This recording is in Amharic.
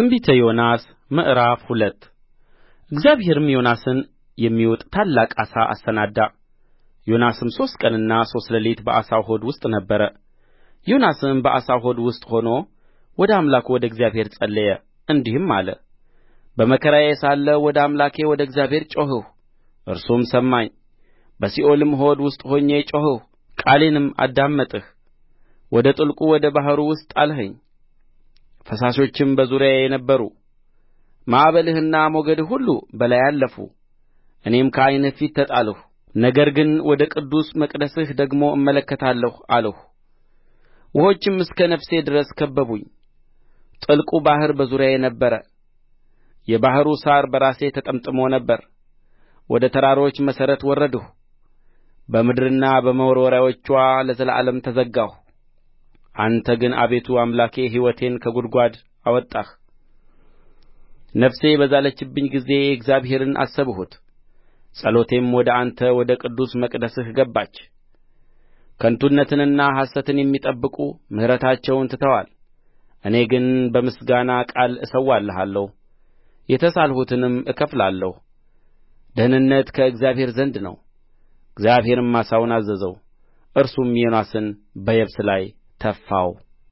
ትንቢተ ዮናስ ምዕራፍ ሁለት እግዚአብሔርም ዮናስን የሚውጥ ታላቅ ዓሣ አሰናዳ ዮናስም ሦስት ቀንና ሦስት ሌሊት በዓሣው ሆድ ውስጥ ነበረ ዮናስም በዓሣው ሆድ ውስጥ ሆኖ ወደ አምላኩ ወደ እግዚአብሔር ጸለየ እንዲህም አለ በመከራዬ ሳለሁ ወደ አምላኬ ወደ እግዚአብሔር ጮኽሁ እርሱም ሰማኝ በሲኦልም ሆድ ውስጥ ሆኜ ጮኽሁ ቃሌንም አዳመጥህ ወደ ጥልቁ ወደ ባሕሩ ውስጥ ጣልኸኝ ፈሳሾችም በዙሪያዬ ነበሩ ማዕበልህና ሞገድህ ሁሉ በላዬ አለፉ እኔም ከዓይንህ ፊት ተጣልሁ ነገር ግን ወደ ቅዱስ መቅደስህ ደግሞ እመለከታለሁ አልሁ ውኆችም እስከ ነፍሴ ድረስ ከበቡኝ ጥልቁ ባሕር በዙሪያዬ ነበረ የባሕሩ ሣር በራሴ ተጠምጥሞ ነበር ወደ ተራሮች መሠረት ወረድሁ በምድርና በመወርወሪያዎችዋ ለዘላለም ተዘጋሁ አንተ ግን አቤቱ አምላኬ ሕይወቴን ከጕድጓድ አወጣህ ነፍሴ በዛለችብኝ ጊዜ እግዚአብሔርን አሰብሁት ጸሎቴም ወደ አንተ ወደ ቅዱስ መቅደስህ ገባች ከንቱነትንና ሐሰትን የሚጠብቁ ምሕረታቸውን ትተዋል እኔ ግን በምስጋና ቃል እሠዋልሃለሁ የተሳልሁትንም እከፍላለሁ ደኅንነት ከእግዚአብሔር ዘንድ ነው እግዚአብሔርም ዓሣውን አዘዘው እርሱም ዮናስን በየብስ ላይ ተፋው